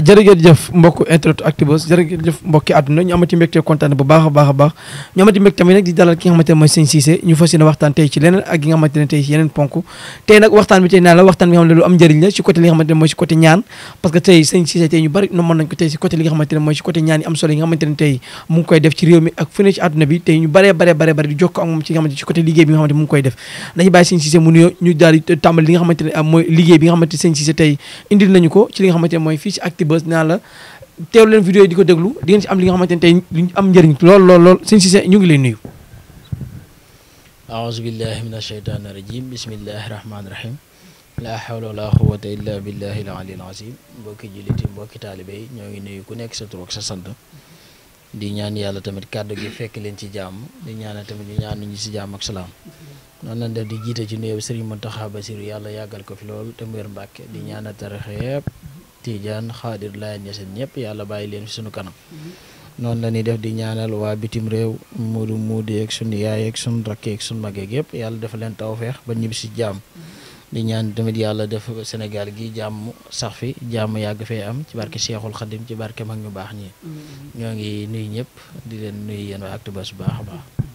jërë ngeen jëf mbokk internet Actubuzz jërë ngeen jëf mbokki àdduna ñu amati mbégte kontaan bu baax a baax a baax ñu amati mbégte tamit nag di dalal ki nga xamante ne mooy Sëñ Cissé ñu fas yéene waxtaan tey ci leneen ak yi nga xamante ne tey ci yeneen ponk tey nag waxtaan bi tey naa la waxtaan bi nga xam ne lu am njëriñ la ci côté li nga xamante ne mooy ci côté ñaan parce que tey Sëñ Cissé tey ñu bari no mën nañ ko tey ci côté li nga xamante ne mooy ci côté ñaan yi am solo yi nga xamante ne tey mu ngi koy def ci réew mi ak fu ne ci àdduna bi tey ñu baree baree baree bari di jokko ak moom ci nga xamante ci côté liggéey bi nga xamante mu ngi koy def dañu bàyyi Sëñ Cissé mu nuyoo ñu daal di tàmbali li nga xamante ne mooy liggéey bi nga xamante Sëñ Cissé tey indil nañu ko ci li nga xamante ne mooy fii ci bës naa la teew leen vidéo yi di ko déglu di ngeen si am li nga xamante ne tey luñ am njëriñ lool lool ñu ngi lay nuyu aouzu billahi min asheytaani rajim bismillahi rahmaani rahim laa hawla wala quwata illa billahi al aliyil azim mbokki jullit mbokki taalibe ñoo ngi nuyu ku nekk sa tur ak sa sant di ñaan yàlla tamit kàddu gi fekk leen ci jàmm di ñaan tamit ñu ñaan ñu si jàmm ak salaam noonu lañ def di jiite ci nuyoo Serigne Mountakha Bassirou yàlla yàggal ko fi lool tiijaan xaadir Laayeen Ñaseen ñëpp yàlla bàyyi leen fi sunu kanam mhm. noonu la ñuy def di ñaanal waa bitim réew muudu muudu yeeg sunu yaay sunu rakk yeeg sunu mag yeeg yëpp yàlla def leen tawfeex ba ñibbi si jàmm mhm. di ñaan tamit yàlla def Sénégal gi jàmm sax fi jàmm yàgg fee am ci barke Seexul Xadim ci barke mag ñu baax ñi mhm. ñoo ngi nuyu ñëpp di leen nuyu yéen waa Actubuzz bu baax a baax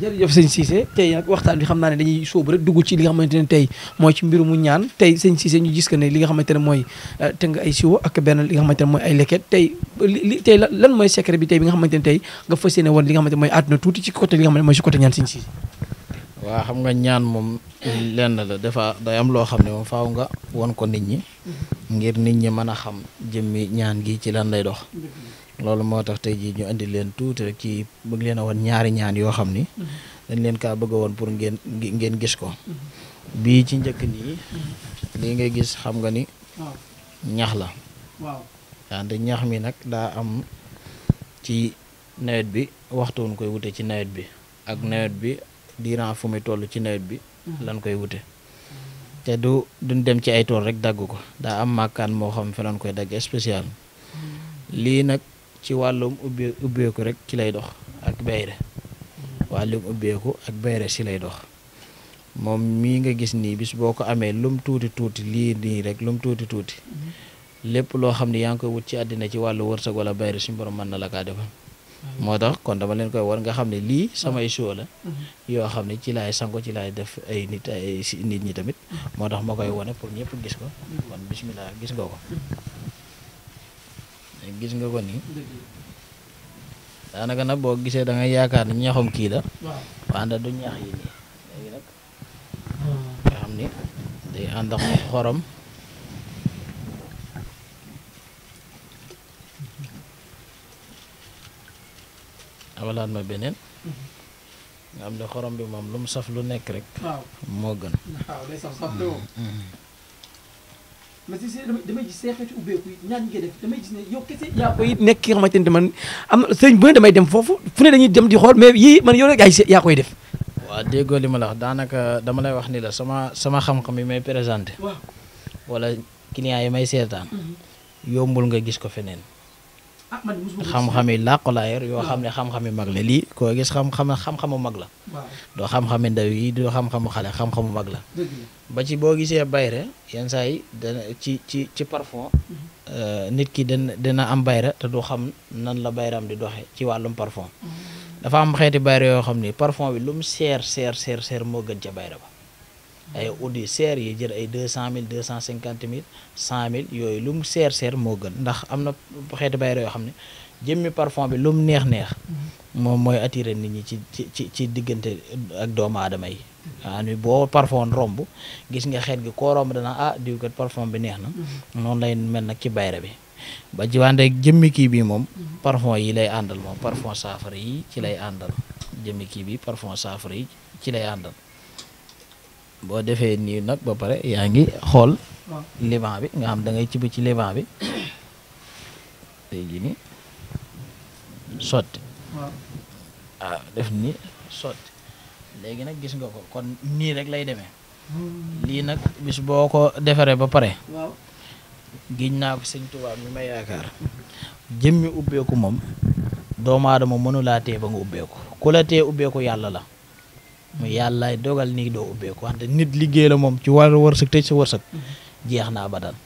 jërëjëf sëñ Cissé tey nag waxtaan bi xam naa ne dañuy sóobu rek dugg ci li nga xamante ne tey mooy ci mbiru mu ñaan tey sëñ Cissé ñu gis que ne li nga xamante ne mooy euh, tëng ay siwo ak benn li nga xamante ne mooy ay leket tey lan mooy secret bi nga xamante ne tey nga fas yéene woon li nga xamante mooy àdduna tuuti ci côté li nga xamante ne mooy si côté ñaan sëñ Cissé waaw xam nga ñaan moom lenn la dafa day am loo xam ne moom faaw nga won ko nit ñi mm-hmm. ngir nit ñi mën a xam jëmmi ñaan gi ci lan lay dox mm-hmm. loolu moo tax te jii ñu indi leen tuuti rek ci bëgg leen a woon ñaari ñaan yoo xam ni mm-hmm. dañ leen kaa bëgg woon pour ngeen ngeen gis ko mm-hmm. bii ci njëkk nii mm-hmm. lii ngay gis xam nga ni ñax la waaw wante ñax mi nag daa am ci nawet bi waxtuun koy wute ci nawet bi ak nawet bi diiran fu muy toll ci nawet bi lañ koy wute te du duñ dem ci ay tool rek dagg ko daa am màkkaan moo xam fi koy dagg spécial lii nag ci wàllum ubbee ubbeeku rek ci lay dox ak bayre wàllum ubbeeku ak bayre ci lay dox moom mii nga gis nii bis boo ko amee lum tuuti tuuti lii nii rek lum tuuti tuuti lépp loo xam ne yaa ngi koy wut ci àddina ci wàllu wërsëg wala bayre suñu borom mën na la kaa defal moo tax kon dama leen koy war nga xam ne lii samay show la yoo xam ne ci laay sango ci laay def ay nit ay nit ñi tamit moo tax ma koy wone pour ñëpp gis ko kon bismillah gis nga ko gis nga ko nii daanaka nag boo gisee da yaakaar ni ñaxum kii la wante du ñax yi nii hmm. nga xam ni day ànd ak xorom amalaat ma beneen hmm. nga xam ne xorom bi moom lu mu saf lu nekk rek moo gën mais si damay gis say xeetu ubbeeku yi ñaan ngay def damay gis ne yow nekk ki nga xamante ne man am sëñ bu ne damay dem foofu fu ne dañuy dem di xool mais yii man yow rek yaa koy def. waaw déggoo li ma la daanaka dama lay wax ni la sama sama xam-xam yi may présenté. wala client yi may seetaan. Mhm. yombul nga gis ko feneen. Ah, xam-xami làqulaayar yoo xam ne xam-xami mag la lii koo gis xam-xam xam-xamu mag la doo xam-xami ndaw yi doo xam-xamu xale xam-xamu mag la ba ci boo gisee bayre yenn saa yi dana ci ci ci parfum mhm. euh, nit ki dana dina am bayra te du xam nan la bayram di doxe ci wàllum parfum mhm. dafa am xeeti bayre yoo xam ni parfum bi lu seer seer seer moo gën ca bayra ba ay audi seer yi jël ay deux cent mille deux cent cinquante mille cent mille yooyu lu mu seer seer moo gën ndax am na xeeti bayra yoo xam ne jëmmi parfum bi lu mu neex neex mm-hmm. moom mooy attirer nit ñi ci ci ci diggante ak doomu aadama yi waaw boo parfum romb gis nga xeet gi koo romb dana ah diw kat parfum bi neex na mm-hmm. noonu lay mel nag ci bayra bi ba jiwaande jëmmi kii bii moom mm-hmm. parfum yi lay àndal moom parfum saafara yi ci lay àndal jëmmi kii bi parfum saafara yi ci lay àndal boo defee nii nag ba pare yaa ngi xool levant bi nga xam dangay ngay cibb ci levant bi tey jii sot waaw ah, def ni sot léegi nag gis nga ko kon nii rek lay demee hmm. lii nag bis boo ko defaree ba pare giñ naa ko sëñ Tuubaa mi ma yaakaar jëmmi ubbeeku moom doomu aadama mënulaa tee ba nga ubbeeku ku la tee ubbeeku yàlla la mu yàllaay dogal nii doo ubbeeku wante nit liggéey la moom ci wàllu wërsëg tëj sa wërsëg mm-hmm. jeex na abadan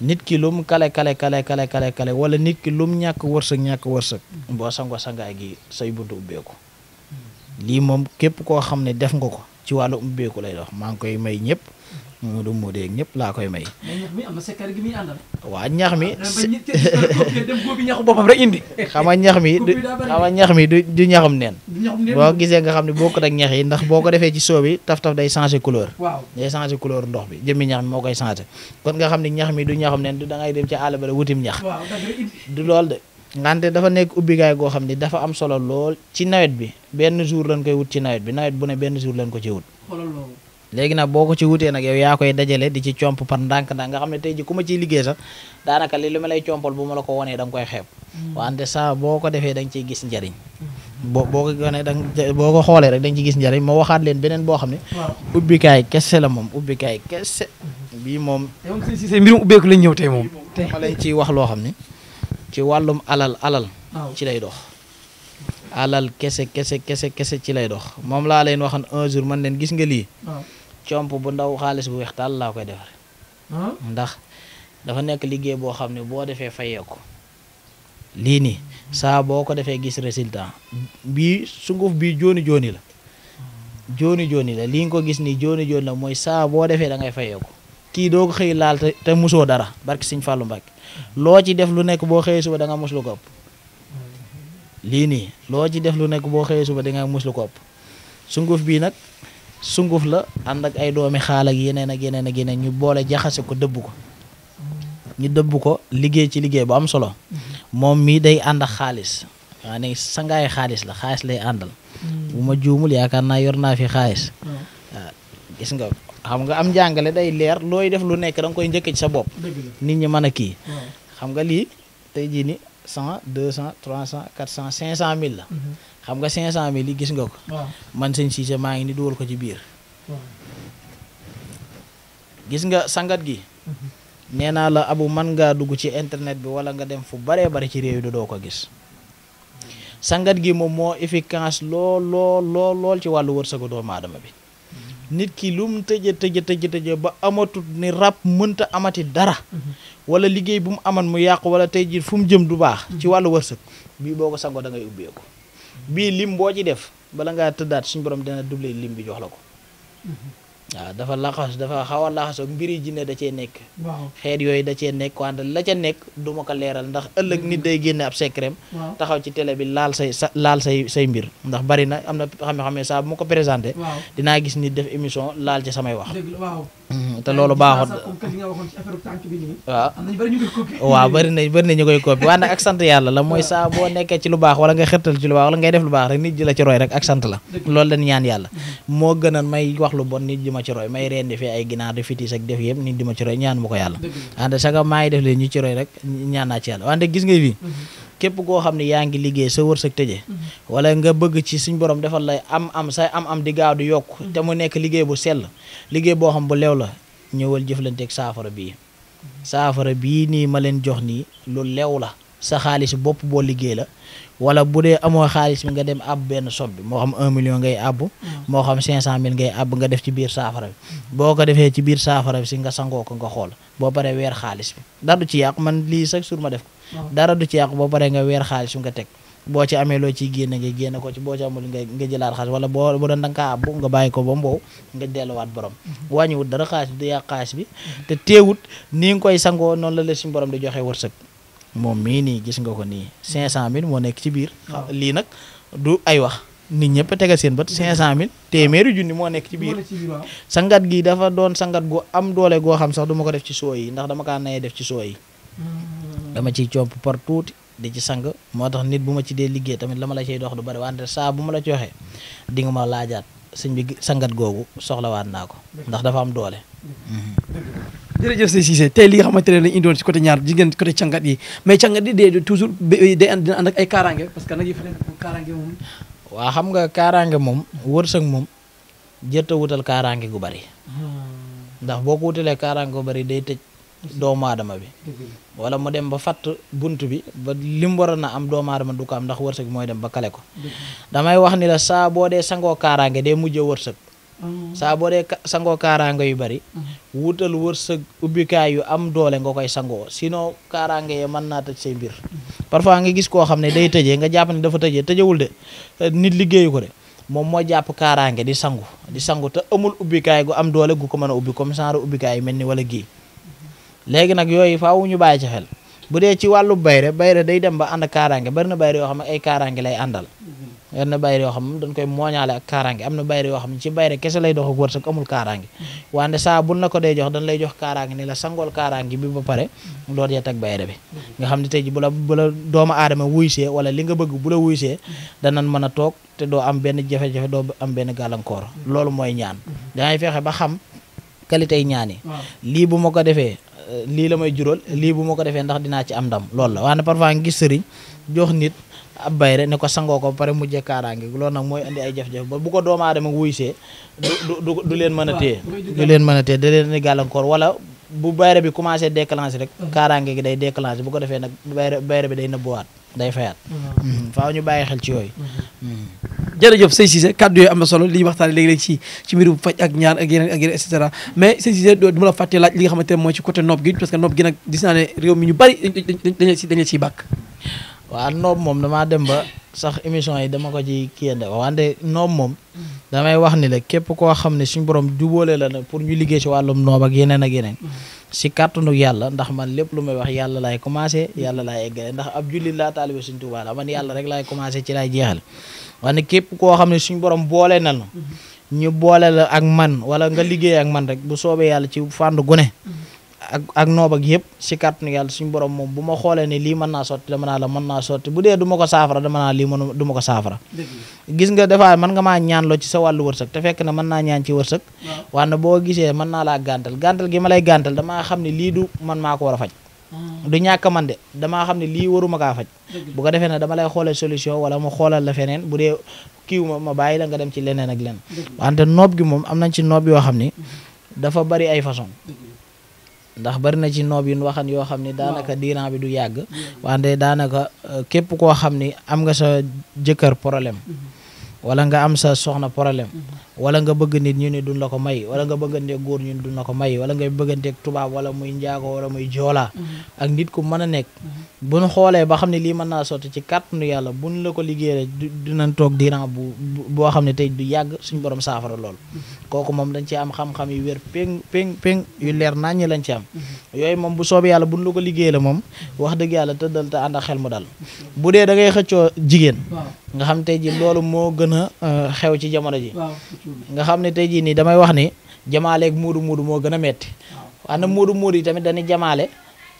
nit ki lum kale kale kale kale kale kale wala nit ki lum ñàkk wërsëg ñàkk wërsëg mm-hmm. boo sango sangaay gi say buntu ubbeeku mm-hmm. lii moom képp koo xam ne def nga ko ci wàllu ubbeeku lay dox maa ngi koy may ñëpp Modou Modou yeeg ñëpp laa koy may. waa ñax mi. xam nga ñax mi du xam ñax mi du du ñaxum neen. boo gisee nga xam ne bokkut ak ñax yi ndax boo ko defee ci soo bi taf taf day changé couleur. waaw day changé couleur ndox bi jëmmi ñax mi moo koy changé kon nga xam ne ñax mi du ñaxum neen du dangay dem ci àll ba la wutim ñax. du lool de. ngante dafa nekk ubbi ubbigaay goo xam ne dafa am solo lool ci nawet bi benn jour lañ koy wut ci nawet bi nawet bu ne benn jour lañ ko ci wut. léegi nag boo ko ci wutee nag yow yaa koy dajale di ci comp par ndànk ndànk nga xam ne te ji ku ma liggéey sax daanaka li li ma lay compal bu ma la ko wonee da koy xeeb mm. wante saa boo ko defee da nga gis njariñ mm. boo boo ko gone da boo ko xoolee rek da ci gis njariñ moo waxaat leen beneen boo xam ne ubbikaay kese la moom ubbikaay kese mm-hmm. bii moom si mbirum ubbeeku lañ ñëw te moom ma ciy wax loo xam ne ci wàllum alal alal ci lay dox alal kese kese kese kese ci lay dox moom laa leen waxan un jour man leen gis nga lii comp bu ndaw xaalis bu weex taal laa koy defar ah? ndax dafa nekk liggéey boo xam ne boo defee fayeeku lii nii saa boo ko defee gis résultat bii sunguf bii jooni jooni la jooni jooni la lii nga ko gis nii jooni jooni la mooy saa boo defee da ngay fayeeku kii doo ko xëy laal te te musoo dara barki Sëñ Fàllu Mbàkke loo ci def lu nekk boo xëyee suba da nga mus lu ko ëpp nii loo ci def lu nekk boo xëyee suba da nga mus ko ëpp sunguf bii nag sunguf la ànd ak ay doomi xaal yeneen ak yeneen ak yeneen ñu boole jaxase ko dëbb ko ñu dëbb ko liggéey ci liggéey bu am solo moom mii day ànd ak xaalis waa ne sangaay xaalis la xaalis lay àndal mm. bu ma juumul yaakaar naa yor naa fi xaalis mm. ah, gis nga xam nga am njàngale day leer looy def lu nekk danga koy njëkk ci sa bopp nit ñi mën a kii xam nga lii tey jii ni cent deux cent trois cent quatre cent cinq cent mille la mm-hmm. xam nga 500000 li gis nga ko. man sëñ Cissé maa ngi ni dugal ko ci biir. gis nga sangat gi. Mhm. nee naa la abu man ngaa dugg ci internet bi wala nga dem fu baree bari ci réew yi doo ko gis sangat gi moom moo efficace lool lool lool ci wàllu wërsëgu doomu aadama bi mhm. nit ki lu mu tëjee tëjee tëjee ba amatut ni rab mënta amati dara mhm. walla liggéey bu mu aman mu yàqu wala tey jii fu mu jëm du baax ci wàllu wërsëg bii boo ko sangoo da ngay ubbeeku bii lim boo ci def bala ngaa tëddaat suñu borom dina doublé lim bi jox la ko mhm. waaw dafa laxas dafa xaw a laxas ak mbiri jinne da cee nekk xeet yooyu da cee nekk wante la ca nekk du ma ko leeral ndax ëllëg nit day génne ab secret taxaw ci télé bi laal say sa laal say say mbir ndax bari na am na xam-xam ne saa ma ko présenté dinaa gis nit def émission laal ci samay wax Mm-hmm. te loolu baaxut waaw waaw bëri na bëri na ñu koy copie waaye nag ak sant yàlla la mooy saa boo nekkee ci lu baax wala nga xërtal ci lu baax wala ngay def lu baax rek nit ji la ci roy rek ak sant la loolu lañ ñaan yàlla mm-hmm. moo gënal may wax lu bon nit ji ma ci roy may reen di fi ay ginaar di fitis ak def yëpp nit di ma ci roy ñaan ma ko yàlla ànd saga maa ngi def leen ñu ci roy rek ñaan naa ci yàlla wante gis nga fii mm-hmm. képp koo xam ne yaa ngi liggéey sa sag tëje mm-hmm. wala nga bëgg ci suñ borom defal lay am am say am am di gaaw di yokk mm-hmm. te mu nekk liggéey bu sell liggéey boo xam bu leew la ñëwal jëflanteeg saafara bii mm-hmm. saafara bii nii ma leen jox nii lu lew la sa xaalis bopp boo liggéey la wala bu dee amoo xaalis bi nga dem àbb benn sob bi moo xam un million ngay àbb mm. moo xam cinq cent mille ngay àbb nga def ci biir saafara bi boo ko defee ci biir saafara bi si nga sangoo ko nga xool boo paree weer xaalis bi du ci yàqu man lii chaque ma def ko dara du ci yàqu boo paree nga weer xaalis bi nga teg boo ci amee loo ciy génne nga génne ko ci boo ci amul nga nga jëlaat xaalis wala boo boo doon da nga kaa àbb ko ba mboow nga delluwaat borom mm-hmm. wàññiwut dara xaalis bi du yàq xaalis bi te teewut ni nga koy sangoo noonu la la suñu borom di joxe wërsëg moom mii nii gis nga ko nii 500000 mm. moo nekk ci biir. lii nag du ay wax nit ñëpp tegal seen bët 500000 téeméeri junni moo nekk ci biir. sangat gi dafa doon sangat gu am doole goo xam sax du ma ko def ci soo yi ndax dama kaa nayee def ci soo yi. Mm. dama ciy comp par tuuti di ci sang moo tax nit bu ma ci dee liggéey tamit lama la cay dox du bari wante saa bu ma la ci waxee di nga ma laajaat sëñ bi sangat googu soxlawaat naa ko ndax dafa am doole. Mm-hmm. jërëjëf Sey Cissé tey li nga xamante ne dañu indiwoon ci côté ñaar jigéen côté cangat yi mais cangat yi day toujours ay kaaraange parce que waa xam nga kaaraange moom wërsëg moom jërta wutal kaaraange gu bari. Hmm. ndax boo ko wutalee kaaraange gu bari day tëj doomu bi. wala mu dem ba fatt bunt bi ba lim waroon na am doomu aadama du am ndax wërsëg mooy dem ba kale ko. damay wax ni la saa boo dee sangoo kaaraange mujj wërsëg. saa boo dee sangoo kaaraange yu bari mm-hmm. wutal wërsëg ubbikaay yu am doole nga koy sangoo sinon kaaraange yee mën naa tëj say mbir mm-hmm. parfois nga gis koo xam ne day tëjee nga jàpp ne dafa tëjee tëjewul de nit liggéeyu ko de moom moo jàpp kaaraange di sangu di sangu te amul ubbikaay gu am doole gu ko mën a ubbi comme genre ubbikaay yu mel ni wala gii mm-hmm. léegi nag yooyu faaw ñu bàyyi ci xel bu dee ci wàllu bayre bayre day dem ba ànd kaaraange bari na bayre yoo xam ne ay kaaraange lay àndal yenn bayre yoo xam dañ koy mooñaale ak kaaraange am na bayre yoo xam ne ci bayre kese lay dox ak wërsëg amul kaaraange mm-hmm. wante saa buñ la ko dee jox dañ lay jox kaaraange ni la sangool kaaraange bi ba pare mm-hmm. mm-hmm. xam ne tey ji bu la bu la doomu aadama wuysee wala li nga bëgg bu la wuysee danañ mën a toog te doo am benn jafe-jafe doo am benn gàllankoor loolu mooy ñaan dangay feexe ba xam qualité yi ñaan yi lii bu ma ko defee lii la may jural lii bu ma ko defee ndax dinaa ci am ndam lool la wante parfois ngi sëriñ jox nit ab bayre ne ko sangoo ko ba pare mujjee kaaraange loolu nag mooy andi ay jafe-jafe ba bu ko doomu aadama wuysee du du du leen mën a téye du leen mën a téye day fayaat faaw ñu bàyyi xel ci yooyu jërëjëf Sey Cissé kàddu yooyu am na solo li ñuy léegi-léegi ci ci mbirum faj ak ñaan ak yeneen ak yeneen et cetera ci côté waaw noob moom damaa dem ba sax émission yi dama ko ci kiyande wante noob moom damay wax ni la képp koo xam ne suñ borom jubóole la na pour ñu liggéey si wàllum noob ak yeneen ak yeneen si kàttanu yàlla ndax man lépp lu may wax yàlla laay commencé yàlla laay eggale ndax ab jullit laa taalibe suñ Tuubaa la man yàlla rek lay commencé ci laay jeexal wante képp koo xam ne suñ borom boole na la ñu boole la ak man wala nga liggéey ak man rek bu soobee yàlla ci fànn gune ak ak noob ak yëpp si kàttanu yàlla suñu borom moom bu ma xoolee ne lii mën naa sotti dama naa la mën naa sotti bu dee du ma ko saafara dama naa lii ma ko saafara gis nga des fois mën nga maa ñaan loo ci sa wàllu wërsëg te naa ñaan ci wërsëg waaye boo gisee mën naa laa gàntal gàntal gi ma lay gàntal damaa xam ne lii du man maa ko a faj ah. du ñàkk man de damaa xam ne lii waruma kaa faj bu ko defee ne dama lay xoolee solution wala mu xoolal la feneen bu dee kiiw ma ma bàyyi la nga dem ci leneen ak leneen wante noob gi moom am nañ ci noob yoo xam ni dafa bari ay façon ndax bari na ci noob waxan yoo xam ni daanaka diiran bi du yàgg wante daanaka eh, képp koo xam ni am nga sa jëkkër problème mm-hmm. wala nga am sa soxna problème mm-hmm. wala nga bëgg nit ñu ne du na ko may wala nga bëgganteeg góor ñu ne duñ ko may wala ngay bëgganteeg tubaab wala muy njaago wala muy joolaa mm-hmm. ak nit ku mën a nekk mm-hmm. buñ xoolee ba xam ne lii mën naa sotti ci kàttanu yàlla buñ la ko liggéeyee dinañ toog diran bu boo xam ne tey du yàgg suñ borom saafara lool mm-hmm. kooku moom dañ ci am xam yu wér péng péng péng yu leer nañ lañ ci am yooyu moom bu soobee yàlla buñ la ko liggéeyee la moom wax dëgg yàlla tëddal te ànd ak xel mu dal bu dee da ngay xëccoo jigéen nga xam tey ji loolu moo gën a euh, xew ci jamono ji nga xam ne tey jii nii damay wax ni jamaaleeg muudu muudu moo gën a metti waaye nag muudu muudu yi tamit dañuy jamaale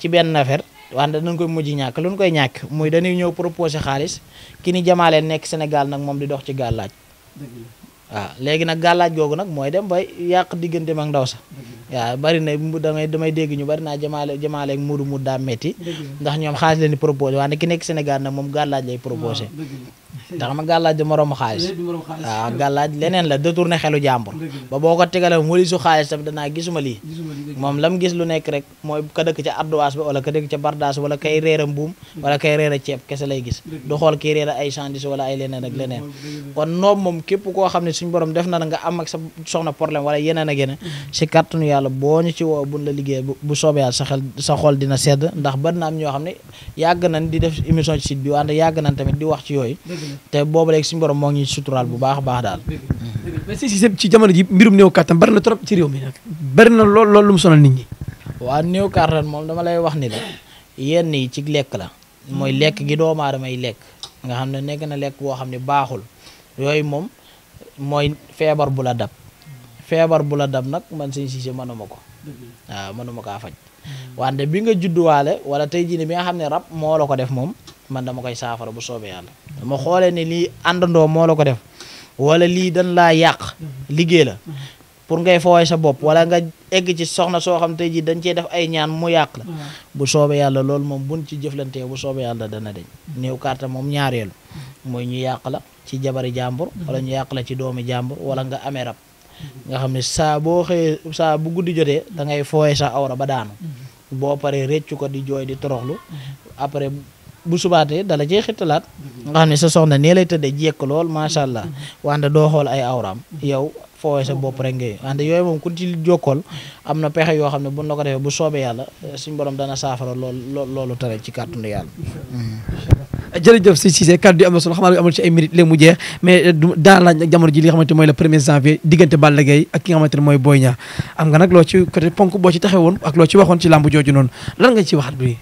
ci benn affaire waaye danañ koy mujj ñàkk lu koy ñàkk muy dañuy ñëw proposé xaalis ki ni jamaalee nekk Sénégal nag moom di dox ci gàllaaj waaw léegi nag gàllaaj googu nag mooy dem ba yàq diggante mag ndaw sa waaw bari na damay damay dégg ñu bari naa jamaale jamaale ak muudu muudu daa metti ndax ñoom xaalis leen di proposé ne ki nekk senegal nag moom gàllaaj lay proposé ndax ma gàllaaj du moroomu xaalis waaw gàllaaj leneen la détourné xelu jàmbur ba boo ko tegalam wali su xaalis tamit danaa gisuma lii moom lam gis lu nekk rek mooy ka dëkk ca adduwaas ba wala ka dëkk ca bardaas wala kay réer a mbuum wala kay réer a ceeb kese lay gis du xool kii réer ay sandis wala ay leneen koo xam ne suñu borom def na la nga am ak sa soxna problème wala yeneen ak yeneen mm-hmm. si kàttanu yàlla boo ñu ci woo buñ la liggéey bu soobee yàlla sa xel sa xool dina sedd ndax bari na am ñoo xam ne yàgg nañ di def émission ci site bi wante yàgg nañ tamit di wax ci yooyu te boobu léegi suñu borom moo ngi suturaal bu baax baax daal mais si si ci jamono ji mbirum néew kàttan bari na trop ci réew mi sonal nit ñi. waa néew kàttan moom dama lay wax ni la yenn yi ci lekk la mooy lekk gi doomu aadama yi lekk nga xam ne nekk na lekk boo xam ne baaxul yooyu moom mooy feebar bu la dab feebar bu la dab nag man sëñ Cissé mënuma ko waaw mënuma kaa faj wante bi nga judduwaale wala tey jii ne bi nga xam ne rab moo la ko def moom man dama koy saafara bu soobee yàlla dama xoolee ne lii àndandoo moo la ko def wala lii dañ laa yàq liggéey la pour ngay fooy sa bopp wala nga egg ci soxna soo xam tey ji dañ cee def ay ñaan mu yàq la mm-hmm. bu soobee yàlla loolu moom buñ ci jëflantee bu soobee yàlla dana deñ néew carte moom ñaareelu mm-hmm. mooy ñu yàq la ci jabari jàmbur mm-hmm. wala ñu yàq la ci doomi jàmbur wala nga amee rab nga xam ne saa boo xëyee saa bu guddi jotee da ngay fooye sa awra ba daanu boo paree réccu ko di jooy di toroxlu après bu subaatee dala cee xittalaat nga xam ne sa soxna nee lay tëddee jekk lool macha allah wante doo xool ay awraam yow foowe sa bopp rek ngay wante yooyu moom ku ci jokkool am na pexe yoo xam ne bu la ko defee bu soobee yàlla suñ borom dana saafara loolu loolu tere ci kàttanu yàlla jërëjëf si Cissé kaddu yi am na solo xamaa mu jeex mais euh, daan laaj nag ji li nga xamante mooy le premier janvier diggante Balla Gaye ak ki nga xamante ne mooy Boy Niang nag loo ci ponk boo ci taxee ak loo ci waxoon ci làmb jooju noonu lan nga ci waxat bi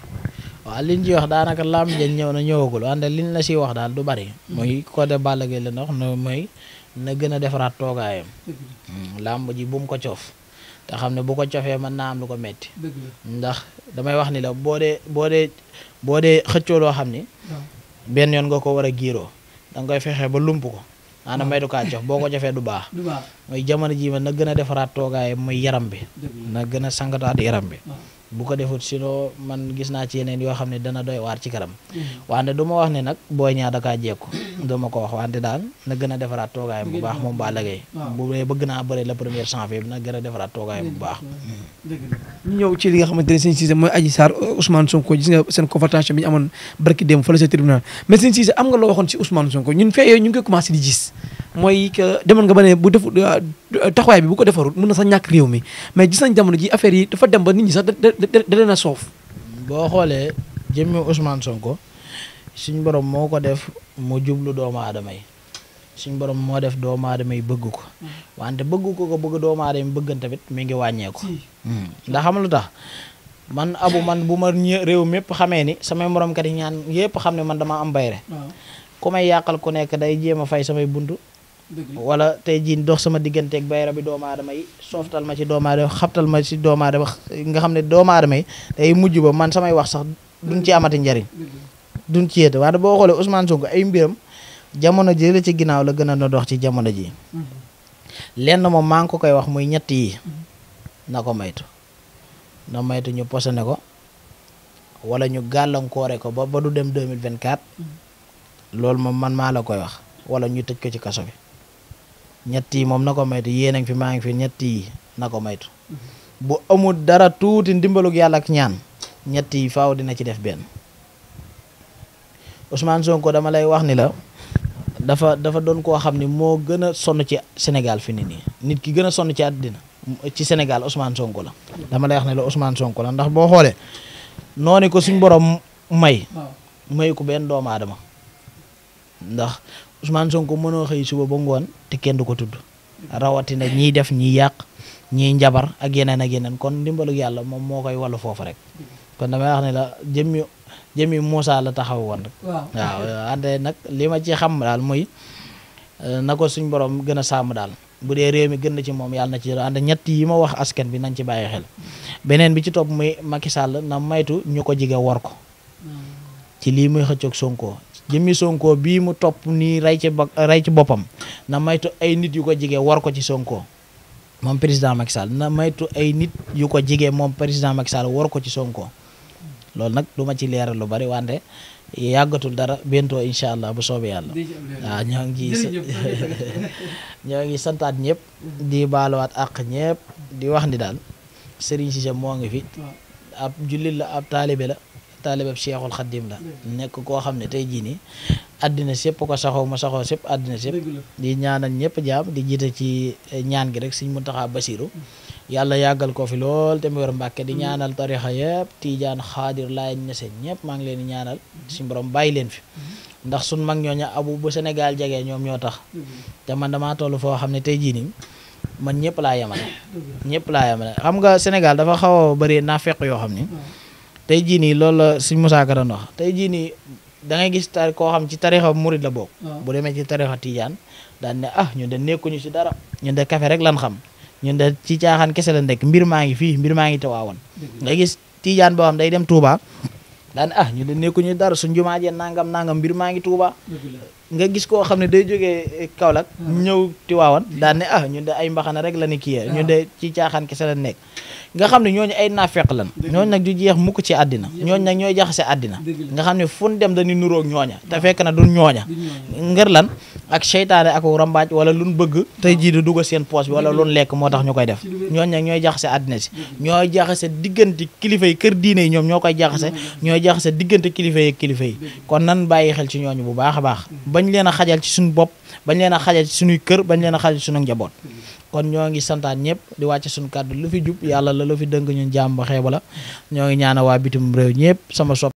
waaw liñ ci wax daanaka làmb jën ñëw na ñëwagul wante liñ la siy wax daal du bari mooy côté Balla Gaye la wax no na gën a defaraat toogaayam. Mm, làmb ji bu mu ko coof. te xam ne bu ko cofee mën naam lu ko metti ndax damay wax ni la boo dee boo dee boo dee xëccoo loo xam ni. benn yoon nga ko war a giiroo da koy fexe ba lump ko. maanaam may du kaa cof boo ko jofee du baax. du baax mooy jamono jii ma na gën a defaraat toogaayam muy yaram bi. na gën a sangataat yaram bi. bu ko defut sinon man gis naa ci yeneen yoo xam ne dana doy waar ci kanam. Mm-hmm. wante du ma wax ne nag boo ñaa dakaa jekku du ma ko wax wante daal na gën a defaraat toogaayam bu baax moom Balla Gaye bu dee bëgg naa bëre la première janvier bi nag gën a defaraat toogaayam bu baax mm-hmm. ñu ne euh, ñu amoon sa am nga loo waxoon si Ousmane Sonko ñun fee yooyu ñu euh, euh, bi ko defarul mën na sax ñàkk réew mi mais gis nañ jamono ji affaire yi dafa dem ba nit da leen a soof. boo xoolee jëmmi Ousmane ko suñ borom moo ko def mu jublu doomu aadama yi suñ borom moo def doomu aadama yi bëgg ko mm. wante bëgg ko ko bëgg doomu aadama yi bëggan tamit mi ngi wàññeeku. Mm. ndax xam tax man abu man bu ma réew mépp xamee ni samay moromkat yi ñaan yépp xam ne man dama am bayre ku may yàqal ku nekk day jéem a fay samay buntu. wala tey jii dox sama digganteek bayra bi doomu aadama yi sooftal ma ci doomu xaptal ma ci doomu aadama nga xam ne doomu aadama yi day mujj ba man samay wax sax duñ ci amati njariñ duñ ci yéete waaye boo xoolee Ousmane Sonko ay mbiram jamono ji ci ginnaaw la gën a na dox ci jamono ji mm-hmm. lenn moom maa ngi ko koy wax muy ñetti yi mm-hmm. na ko maytu na maytu ñu posone ko wala ñu gàllankoore ko ba ba du dem 2024 mm-hmm. loolu moom man maa la koy wax wala ñu tëj ko ci kaso bi ñetti moom na ko moytu yéen a fi maa ngi fi ñett na ko moytu mm-hmm. bu amul dara tuuti ndimbalug yàlla ak ñaan ñetti yi faaw dina ci def benn Ousmane Sonko dama lay wax ni la dafa dafa doon koo xam ni moo gën a sonn ci Sénégal fi nit ki gën a sonn ci àddina ci Sénégal Ousmane Sonko la dama ne la Ousmane Sonko la ndax boo xoolee noonu ko suñ borom may may ko benn doomu aadama ndax Ousmane Sonko mënoo xëy suba ba ngoon te kenn du ko tudd rawatina ñiy def ñiy yàq ñiy njabar ak yeneen ak yeneen kon ndimbalu yàlla moom moo koy wàllu foofu rek kon damay wax ne la jëmmi jëmmi Moussa la taxaw woon rek nag li ma ci xam daal muy euh, na ko suñ borom gën a sàmm daal bu dee réew mi gën na ci moom yàlla na ci ànd ñett yi ma wax askan bi nañ ci bàyyi xel beneen bi ci toog muy Macky Sall na maytu ñu ko jige war ko hmm. ci lii muy xëccoog Sonko jëmmi Sonko bii mu topp nii rey ci ci boppam na maytu ay nit yu ko jige war ko ci Sonko moom président Macky Sall na maytu ay nit yu ko jige moom président Macky Sall war ko ci Sonko loolu nag du ma ci leeral lu bari wante yàggatul dara bentoo incha allah bu soobee yàlla waaw ñoo ngi santaat ñëpp di baaluwaat àq ñëpp di wax ni daal Serigne Cissé moo ngi fi ab jullit la ab taalibe la taalibab Cheikhul Khadim la nekk koo xam ne tey jii nii àddina sépp ko saxoo ma saxoo sépp àddina sépp di ñaanal ñëpp jaam di jiite ci eh, ñaan gi rek Sëriñ Muntaxa Basiru yàlla yàggal ko fi lool te mu yor Mbàkke di ñaanal tarixa yëpp tiijaan xaadir laay ñese ñëpp maa ngi leen di ñaanal suñu borom leen fi ndax suñ mag ñooñu abu bu Sénégal jegee ñoom ñoo tax te man damaa toll foo xam ne tey jii nii man ñëpp laa yemale ñëpp laa yemale xam nga Sénégal dafa xaw a bëri yoo tey jii nii loolu la suñ Moussa Ka doon wax tey jii nii da ngay gis tar koo xam ci tarixa murid la bokk bu demee ci tarixa tiijaan daan ne ah ñun de nekkuñu si dara ñu de kafe rek lan xam ñun de ci caaxaan kese la ndekk mbir maa ngi fii mbir maa ngi tawaawoon nga gis tijaan boo xam day dem tuuba daan ne ah ñun de nekkuñu dara suñ jumaa jee nangam nangam mbir maa ngi Touba nga gis koo xam ne day jógee eh, Kaolack ah. ñëw Tiwaawan daan ne ah ñun de ay mbaxana rek la ñu kiyee ah. ñu de ci caaxaan kese la nekk nga xam ne ñooñu ay naafeq lan ñooñ nag du jeex mukk ci àddina ñooñu nag ñooy jaxase àddina nga xam ne fu ñu dem dañuy nuroog ñooña te ah. fekk na duñ ñooña ngir lan ak seytaane ak rambaaj wala luñ bëgg tey jii di seen poos wala luñ lekk moo tax ñu koy def ñooñu nag ñooy jaxase àddina si ñooy jaxase diggante kilifa yi kër diine yi ñoom ñoo koy jaxase ñooy jaxase diggante kilifa yi kilifa yi kon nan bàyyi xel ci ñooñu bu baax baax bañ leen a xajal ci suñu bopp bañ leen a xajal ci suñuy kër bañ leen a xajal ci suñu njaboot mm-hmm. kon ñoo ngi santaat ñëpp di wàcc suñu kàddu lu fi jub yàlla la lu fi dëng ñun jàmm ba xeeba la ñoo ngi ñaana waa bitim réew ñëpp sama sopp